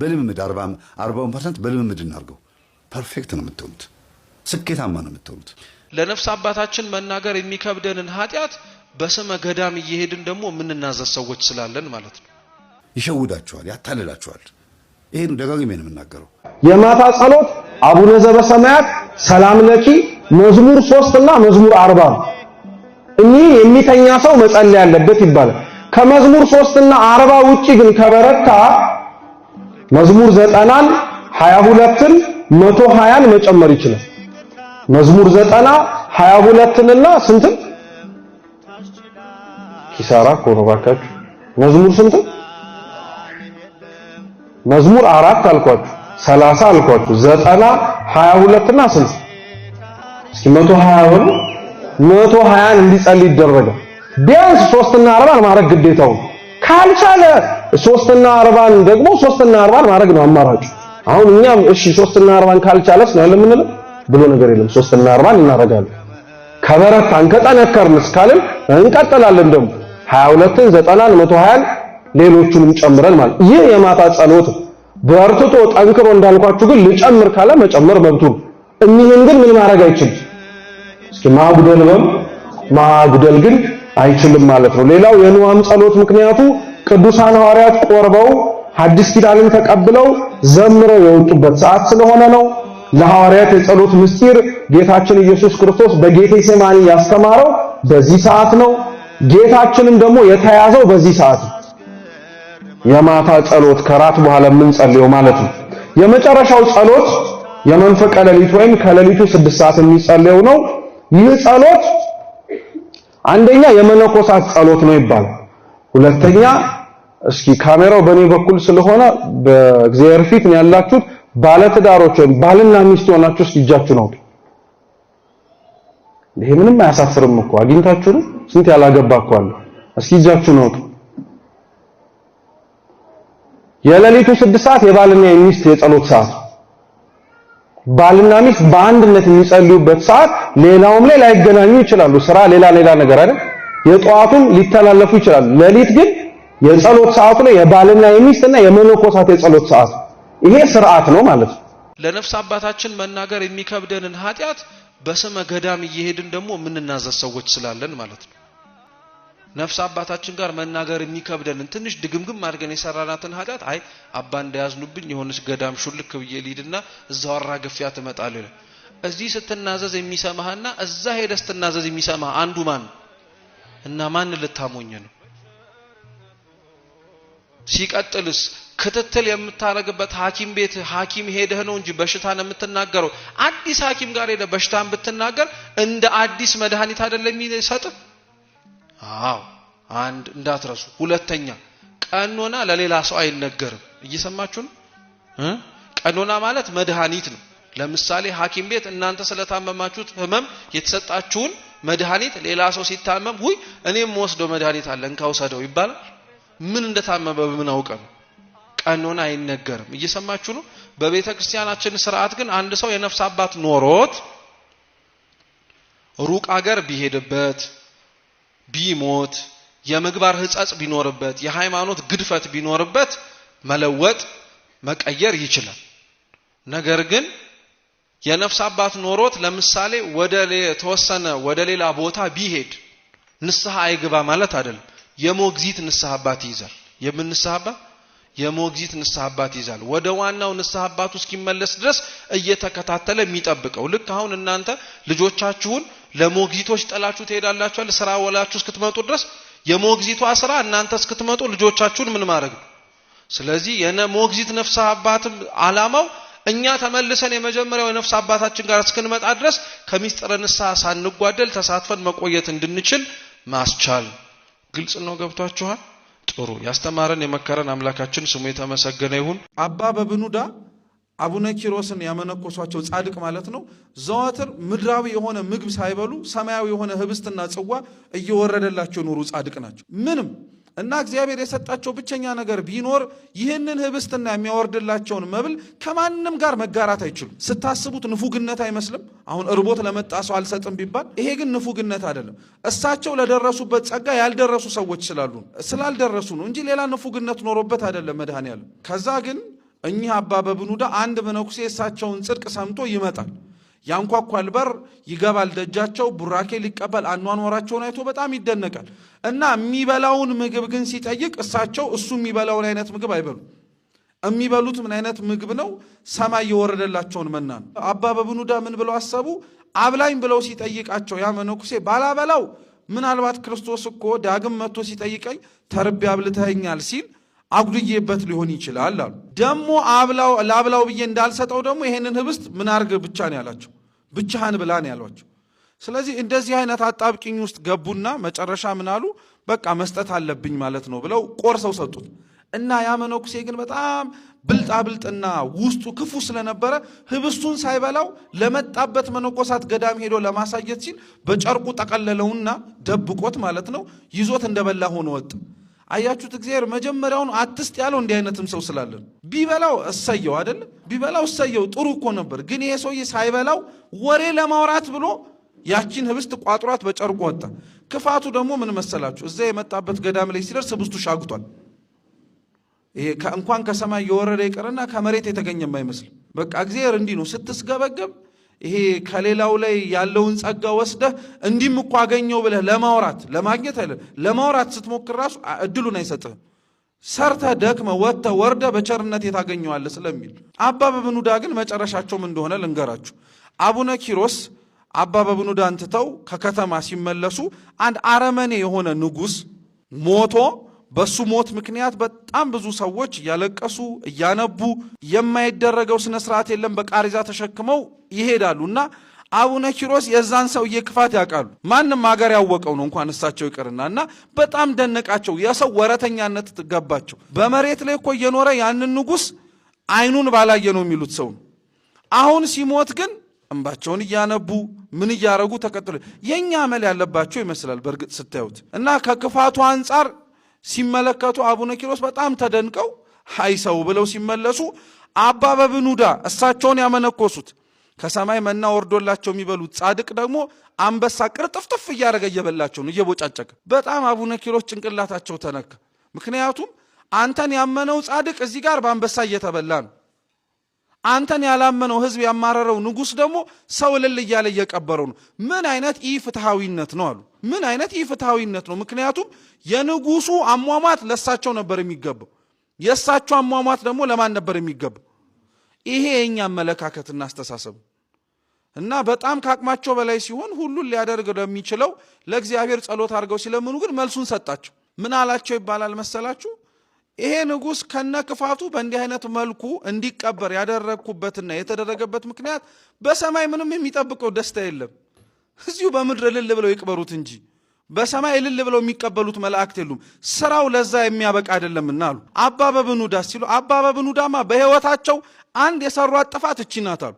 በልምምድ አርባ ፐርሰንት በልምምድ እናርገው። ፐርፌክት ነው የምትሆኑት፣ ስኬታማ ነው የምትሆኑት። ለነፍስ አባታችን መናገር የሚከብደንን ኃጢአት በስመ ገዳም እየሄድን ደግሞ የምንናዘዝ ሰዎች ስላለን ማለት ነው። ይሸውዳችኋል፣ ያታልላችኋል። ይሄን ደጋግሜ ነው የምናገረው። የማታ ጸሎት አቡነ ዘበሰማያት ሰላም ለኪ መዝሙር ሶስት እና መዝሙር አርባ ነው። የሚተኛ ሰው መጸለይ ያለበት ይባላል። ከመዝሙር ሶስት እና አርባ ውጪ ግን ከበረታ መዝሙር ዘጠናን ሀያ ሁለትን መቶ ሀያን መጨመር ይችላል። መዝሙር ዘጠና ሀያ ሁለትንና ስንትን ኪሳራ እኮ ነው መዝሙር ስንት? መዝሙር አራት አልኳችሁ፣ ሰላሳ አልኳችሁ። ዘጠና ሀያ ሁለትና ስንት? እስኪ መቶ ሀያ ሆነ። መቶ ሀያን እንዲጸልይ ይደረጋል። ቢያንስ ሶስትና አርባን ማድረግ ግዴታው ካልቻለ ሶስትና አርባን ደግሞ ሶስትና አርባን ማድረግ ነው አማራጩ። አሁን እኛ እሺ ሶስትና አርባን ካልቻለስ ነው ያለ የምንለው ብሎ ነገር የለም። ሶስትና አርባን እናደርጋለን። ከበረታን ከጠነከርንስ ካልን እንቀጥላለን። ደግሞ 22ን፣ 90ን፣ 120ን ሌሎቹንም ጨምረን ማለት ይህ የማታ ጸሎት በርትቶ ጠንክሮ እንዳልኳችሁ ግን ልጨምር ካለ መጨመር መብቱ እኒህን ግን ምን ማድረግ አይችልም። እስኪ ማጉደል በም ማጉደል ግን አይችልም ማለት ነው። ሌላው የንዋም ጸሎት ምክንያቱ ቅዱሳን ሐዋርያት ቆርበው ሐዲስ ኪዳንን ተቀብለው ዘምረው የወጡበት ሰዓት ስለሆነ ነው። ለሐዋርያት የጸሎት ምስጢር ጌታችን ኢየሱስ ክርስቶስ በጌቴ ያስተማረው በዚህ ሰዓት ነው። ጌታችንም ደግሞ የተያዘው በዚህ ሰዓት ነው። የማታ ጸሎት ከራት በኋላ የምንጸልየው ማለት ነው። የመጨረሻው ጸሎት የመንፈቀ ሌሊት ወይም ከሌሊቱ ስድስት ሰዓት የሚጸልየው ነው። ይህ ጸሎት አንደኛ የመነኮሳት ጸሎት ነው ይባላል። ሁለተኛ እስኪ ካሜራው በእኔ በኩል ስለሆነ በእግዚአብሔር ፊት ነው ያላችሁት ባለትዳሮች ወይም ባልና ሚስት ሆናችሁ እስኪ እጃችሁ ነው። ይሄ ምንም አያሳፍርም እኮ አግኝታችሁ ነው። ስንት ያላገባኳል። እስኪ እጃችሁ ነው። የሌሊቱ ስድስት ሰዓት የባልና የሚስት የጸሎት ሰዓት ባልና ሚስት በአንድነት የሚጸልዩበት ሰዓት ሌላውም ላይ ላይገናኙ ይችላሉ። ስራ ሌላ ሌላ ነገር አይደል የጠዋቱን ሊተላለፉ ይችላሉ። ሌሊት ግን የጸሎት ሰዓቱ ላይ የባልና የሚስትና የመነኮሳት የጸሎት ሰዓት ይሄ ስርዓት ነው ማለት ነው። ለነፍስ አባታችን መናገር የሚከብደንን ኃጢአት በስመ ገዳም እየሄድን ደግሞ የምንናዘዝ ሰዎች ስላለን ማለት ነው። ነፍስ አባታችን ጋር መናገር የሚከብደንን ትንሽ ድግምግም አድርገን የሰራናትን ኃጢአት አይ አባ እንዳያዝኑብኝ የሆነች ገዳም ሹልክ ብዬ እዛው አራገፊያ ትመጣለህ። እዚህ ስትናዘዝ የሚሰማህና እዛ ሄደህ ስትናዘዝ የሚሰማህ አንዱ ማን ነው? እና ማን ልታሞኝ ነው? ሲቀጥልስ ክትትል የምታረግበት ሐኪም ቤት ሐኪም ሄደህ ነው እንጂ በሽታን የምትናገረው። አዲስ ሐኪም ጋር ሄደህ በሽታን ብትናገር እንደ አዲስ መድኃኒት አይደለም የሚሰጥ አዎ አንድ እንዳትረሱ። ሁለተኛ ቀኖና ለሌላ ሰው አይነገርም። እየሰማችሁ ነው? ቀኖና ማለት መድኃኒት ነው። ለምሳሌ ሐኪም ቤት እናንተ ስለታመማችሁት ህመም የተሰጣችሁን መድኃኒት ሌላ ሰው ሲታመም ውይ እኔም ወስዶ መድኃኒት አለ እንካ ይባላል። ምን እንደታመመ በምን አውቀ ነው? ቀኖን አይነገርም። እየሰማችሁ ነው። በቤተ ክርስቲያናችን ስርዓት ግን አንድ ሰው የነፍስ አባት ኖሮት ሩቅ አገር ቢሄድበት ቢሞት የምግባር ሕጸጽ ቢኖርበት የሃይማኖት ግድፈት ቢኖርበት መለወጥ መቀየር ይችላል። ነገር ግን የነፍስ አባት ኖሮት ለምሳሌ ወደ ተወሰነ ወደ ሌላ ቦታ ቢሄድ ንስሐ አይግባ ማለት አይደለም። የሞግዚት ንስሐ አባት ይይዛል። የምን ንስሐ አባት? የሞግዚት ንስሐ አባት ይዛል። ወደ ዋናው ንስሐ አባቱ እስኪመለስ ድረስ እየተከታተለ የሚጠብቀው ልክ አሁን እናንተ ልጆቻችሁን ለሞግዚቶች ጥላችሁ ትሄዳላችኋል። ስራ ወላችሁ እስክትመጡ ድረስ የሞግዚቷ ስራ እናንተ እስክትመጡ ልጆቻችሁን ምን ማድረግ ነው። ስለዚህ የነ ሞግዚት ነፍስ አባትም አላማው እኛ ተመልሰን የመጀመሪያው የነፍስ አባታችን ጋር እስክንመጣ ድረስ ከሚስጥረ ንስሐ ሳንጓደል ተሳትፈን መቆየት እንድንችል ማስቻል ግልጽ ነው። ገብቷችኋል? ጥሩ ያስተማረን የመከረን አምላካችን ስሙ የተመሰገነ ይሁን። አባ በብኑዳ አቡነ ኪሮስን ያመነኮሷቸው ጻድቅ ማለት ነው። ዘወትር ምድራዊ የሆነ ምግብ ሳይበሉ ሰማያዊ የሆነ ህብስትና ጽዋ እየወረደላቸው ኖሩ። ጻድቅ ናቸው። ምንም እና እግዚአብሔር የሰጣቸው ብቸኛ ነገር ቢኖር ይህንን ህብስትና የሚያወርድላቸውን መብል ከማንም ጋር መጋራት አይችሉም። ስታስቡት ንፉግነት አይመስልም? አሁን እርቦት ለመጣ ሰው አልሰጥም ቢባል፣ ይሄ ግን ንፉግነት አይደለም። እሳቸው ለደረሱበት ጸጋ ያልደረሱ ሰዎች ስላሉ ስላልደረሱ ነው እንጂ ሌላ ንፉግነት ኖሮበት አይደለም መድኃኔ ከዛ ግን እኚህ አባ በብኑዳ አንድ መነኩሴ እሳቸውን ጽድቅ ሰምቶ ይመጣል ያንኳኳል በር ይገባል ደጃቸው ቡራኬ ሊቀበል አኗኗራቸውን አይቶ በጣም ይደነቃል። እና የሚበላውን ምግብ ግን ሲጠይቅ እሳቸው እሱ የሚበላውን አይነት ምግብ አይበሉም። የሚበሉት ምን አይነት ምግብ ነው? ሰማይ የወረደላቸውን መና ነው። አባ በብኑዳ ምን ብለው አሰቡ? አብላኝ ብለው ሲጠይቃቸው ያ መነኩሴ ባላበላው ምናልባት ክርስቶስ እኮ ዳግም መጥቶ ሲጠይቀኝ ተርቤ አብልተኛል ሲል አጉድዬበት ሊሆን ይችላል አሉ። ደግሞ ለአብላው ብዬ እንዳልሰጠው ደግሞ ይሄንን ህብስት ምን አርግ ብቻ ነው ያላቸው፣ ብቻህን ብላ ነው ያሏቸው። ስለዚህ እንደዚህ አይነት አጣብቂኝ ውስጥ ገቡና መጨረሻ ምን አሉ? በቃ መስጠት አለብኝ ማለት ነው ብለው ቆርሰው ሰጡት። እና ያ መነኩሴ ግን በጣም ብልጣብልጥና ውስጡ ክፉ ስለነበረ ህብስቱን ሳይበላው ለመጣበት መነኮሳት ገዳም ሄዶ ለማሳየት ሲል በጨርቁ ጠቀለለውና ደብቆት ማለት ነው ይዞት እንደበላ ሆኖ ወጥ አያችሁት? እግዚአብሔር መጀመሪያውን አትስጥ ያለው እንዲህ አይነትም ሰው ስላለን ቢበላው እሰየው አይደል? ቢበላው እሰየው ጥሩ እኮ ነበር። ግን ይሄ ሰውዬ ሳይበላው ወሬ ለማውራት ብሎ ያቺን ህብስት ቋጥሯት በጨርቁ ወጣ። ክፋቱ ደግሞ ምን መሰላችሁ? እዛ የመጣበት ገዳም ላይ ሲደርስ ህብስቱ ሻግቷል። ይሄ እንኳን ከሰማይ የወረደ ይቀርና ከመሬት የተገኘ አይመስልም። በቃ እግዚአብሔር እንዲህ ነው ስትስገበገብ ይሄ ከሌላው ላይ ያለውን ጸጋ ወስደህ እንዲህም እኮ አገኘው ብለህ ለማውራት ለማግኘት አይደለም። ለማውራት ስትሞክር ራሱ እድሉን አይሰጥህም። ሰርተ ደክመ ወጥተ ወርደ በቸርነት የታገኘዋለ ስለሚል አባ በብኑዳ ግን መጨረሻቸውም እንደሆነ ልንገራችሁ። አቡነ ኪሮስ አባ በብኑዳን ትተው ከከተማ ሲመለሱ አንድ አረመኔ የሆነ ንጉስ ሞቶ በሱ ሞት ምክንያት በጣም ብዙ ሰዎች እያለቀሱ እያነቡ የማይደረገው ስነ ስርዓት የለም። በቃሪዛ ተሸክመው ይሄዳሉ እና አቡነ ኪሮስ የዛን ሰውዬ ክፋት ያውቃሉ። ማንም አገር ያወቀው ነው እንኳን እሳቸው ይቅርና እና በጣም ደነቃቸው። የሰው ወረተኛነት ገባቸው። በመሬት ላይ እኮ እየኖረ ያንን ንጉሥ አይኑን ባላየ ነው የሚሉት ሰው ነው። አሁን ሲሞት ግን እንባቸውን እያነቡ ምን እያረጉ ተቀጥሎ የእኛ አመል ያለባቸው ይመስላል በእርግጥ ስታዩት እና ከክፋቱ አንጻር ሲመለከቱ አቡነ ኪሮስ በጣም ተደንቀው ሀይሰው ብለው ሲመለሱ አባ በብኑዳ እሳቸውን ያመነኮሱት ከሰማይ መና ወርዶላቸው የሚበሉት ጻድቅ ደግሞ አንበሳ ቅርጥፍጥፍ እያደረገ እየበላቸው ነው እየቦጫጨቀ። በጣም አቡነ ኪሮስ ጭንቅላታቸው ተነካ። ምክንያቱም አንተን ያመነው ጻድቅ እዚህ ጋር በአንበሳ እየተበላ ነው። አንተን ያላመነው ህዝብ ያማረረው ንጉስ ደግሞ ሰው እልል እያለ እየቀበረው ነው። ምን አይነት ኢ ፍትሐዊነት ነው አሉ። ምን አይነት ኢ ፍትሐዊነት ነው? ምክንያቱም የንጉሱ አሟሟት ለሳቸው ነበር የሚገባው፣ የእሳቸው አሟሟት ደግሞ ለማን ነበር የሚገባው? ይሄ የእኛ አመለካከትና አስተሳሰብ እና በጣም ከአቅማቸው በላይ ሲሆን ሁሉን ሊያደርግ ለሚችለው ለእግዚአብሔር ጸሎት አድርገው ሲለምኑ ግን መልሱን ሰጣቸው። ምን አላቸው ይባላል መሰላችሁ? ይሄ ንጉስ ከነ ክፋቱ በእንዲህ አይነት መልኩ እንዲቀበር ያደረግኩበትና የተደረገበት ምክንያት በሰማይ ምንም የሚጠብቀው ደስታ የለም። እዚሁ በምድር እልል ብለው ይቅበሩት እንጂ በሰማይ እልል ብለው የሚቀበሉት መላእክት የሉም። ስራው ለዛ የሚያበቃ አይደለምና አሉ። አባበብኑ ዳ ሲሉ አባበብኑ ዳማ በህይወታቸው አንድ የሰሯት ጥፋት እቺ ናት አሉ።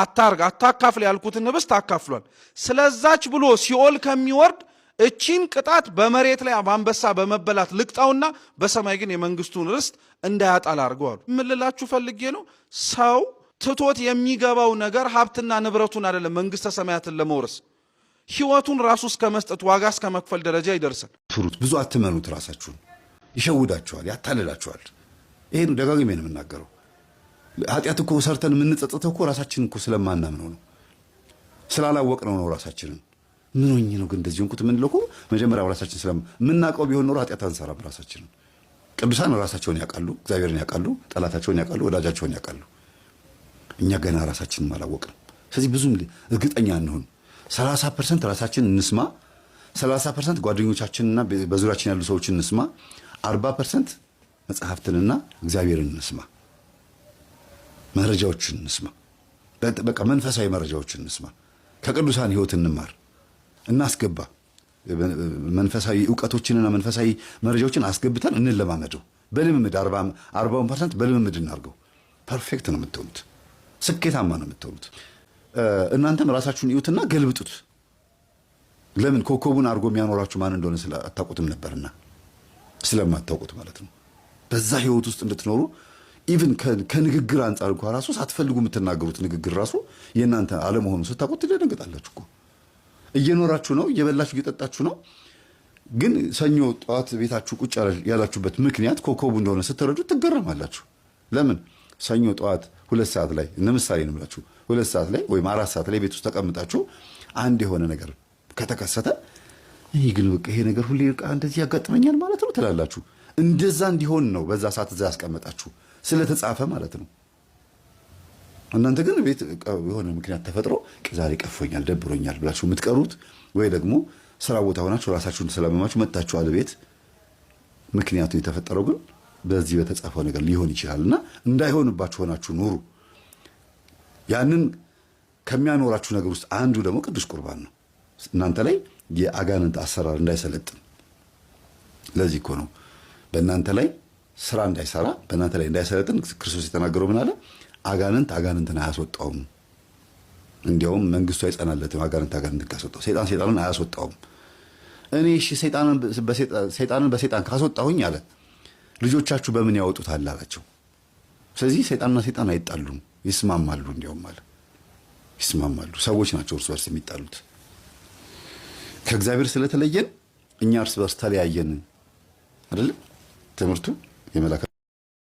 አታርግ አታካፍል ያልኩትን ህብስት አካፍሏል። ስለዛች ብሎ ሲኦል ከሚወርድ እቺን ቅጣት በመሬት ላይ በአንበሳ በመበላት ልቅጣውና በሰማይ ግን የመንግስቱን ርስት እንዳያጣል አድርገዋሉ። የምልላችሁ ፈልጌ ነው ሰው ትቶት የሚገባው ነገር ሀብትና ንብረቱን አይደለም፣ መንግስተ ሰማያትን ለመውረስ ህይወቱን ራሱ እስከ መስጠት ዋጋ እስከ መክፈል ደረጃ ይደርሳል። ፍሩት፣ ብዙ አትመኑት፣ ራሳችሁን ይሸውዳችኋል፣ ያታልላችኋል። ይሄን ደጋግሜ ነው የምናገረው። ኃጢአት እኮ ሰርተን የምንጸጸተው እኮ ራሳችን እኮ ስለማናምነው ነው ስላላወቅነው ነው ራሳችንን ምን ሆኜ ነው ግን እንደዚህ ሆንኩት? ምን ልኮ መጀመሪያው ራሳችን ስለም የምናውቀው ቢሆን ኖሮ ኃጢአት አንሰራም። ራሳችንን ቅዱሳን ራሳቸውን ያውቃሉ፣ እግዚአብሔርን ያውቃሉ፣ ጠላታቸውን ያውቃሉ፣ ወዳጃቸውን ያውቃሉ። እኛ ገና ራሳችን አላወቅንም። ስለዚህ ብዙም እርግጠኛ እንሆን። 30 ፐርሰንት ራሳችን እንስማ፣ 30 ፐርሰንት ጓደኞቻችንና በዙሪያችን ያሉ ሰዎችን እንስማ፣ 40 ፐርሰንት መጽሐፍትንና እግዚአብሔርን እንስማ፣ መረጃዎችን እንስማ፣ በቃ መንፈሳዊ መረጃዎችን እንስማ፣ ከቅዱሳን ህይወት እንማር። እናስገባ። መንፈሳዊ እውቀቶችንና መንፈሳዊ መረጃዎችን አስገብተን እንለማመደው። በልምምድ አርባውን ፐርሰንት በልምምድ እናርገው። ፐርፌክት ነው የምትሆኑት፣ ስኬታማ ነው የምትሆኑት። እናንተም ራሳችሁን እዩትና ገልብጡት። ለምን ኮከቡን አድርጎ የሚያኖራችሁ ማን እንደሆነ አታውቁትም ነበርና ስለማታውቁት ማለት ነው። በዛ ህይወት ውስጥ እንድትኖሩ ኢቭን ከንግግር አንጻር እንኳ ራሱ ሳትፈልጉ የምትናገሩት ንግግር ራሱ የእናንተ አለመሆኑ ስታውቁት ትደነግጣላችሁ እኮ እየኖራችሁ ነው፣ እየበላችሁ እየጠጣችሁ ነው። ግን ሰኞ ጠዋት ቤታችሁ ቁጭ ያላችሁበት ምክንያት ኮከቡ እንደሆነ ስትረዱ ትገረማላችሁ። ለምን ሰኞ ጠዋት ሁለት ሰዓት ላይ እነ ምሳሌ ነው ሁለት ሰዓት ላይ ወይም አራት ሰዓት ላይ ቤት ውስጥ ተቀምጣችሁ አንድ የሆነ ነገር ከተከሰተ ይህ ግን በቃ ይሄ ነገር ሁሌ እንደዚህ ያጋጥመኛል ማለት ነው ትላላችሁ። እንደዛ እንዲሆን ነው በዛ ሰዓት እዛ ያስቀመጣችሁ ስለተጻፈ ማለት ነው። እናንተ ግን ቤት የሆነ ምክንያት ተፈጥሮ ዛሬ ቀፎኛል፣ ደብሮኛል ብላችሁ የምትቀሩት ወይ ደግሞ ስራ ቦታ ሆናችሁ ራሳችሁን ስላመማችሁ መጥታችሁ አለ ቤት ምክንያቱ የተፈጠረው ግን በዚህ በተጻፈው ነገር ሊሆን ይችላል እና እንዳይሆንባችሁ ሆናችሁ ኑሩ። ያንን ከሚያኖራችሁ ነገር ውስጥ አንዱ ደግሞ ቅዱስ ቁርባን ነው። እናንተ ላይ የአጋንንት አሰራር እንዳይሰለጥን። ለዚህ እኮ ነው በእናንተ ላይ ስራ እንዳይሰራ፣ በእናንተ ላይ እንዳይሰለጥን ክርስቶስ የተናገረው ምን አለ? አጋንንት አጋንንትን አያስወጣውም። እንዲያውም መንግስቱ አይጸናለትም። አጋንንት አጋንንት ካስወጣው ሰይጣን ሰይጣንን አያስወጣውም። እኔ እሺ ሰይጣንን በሰይጣን ካስወጣሁኝ አለ ልጆቻችሁ በምን ያወጡታል አላቸው። ስለዚህ ሰይጣንና ሰይጣን አይጣሉም፣ ይስማማሉ። እንዲያውም አለ ይስማማሉ። ሰዎች ናቸው እርስ በርስ የሚጣሉት። ከእግዚአብሔር ስለተለየን እኛ እርስ በርስ ተለያየን አይደለም ትምህርቱ የመላከ